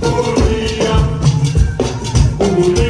Uria, Uria,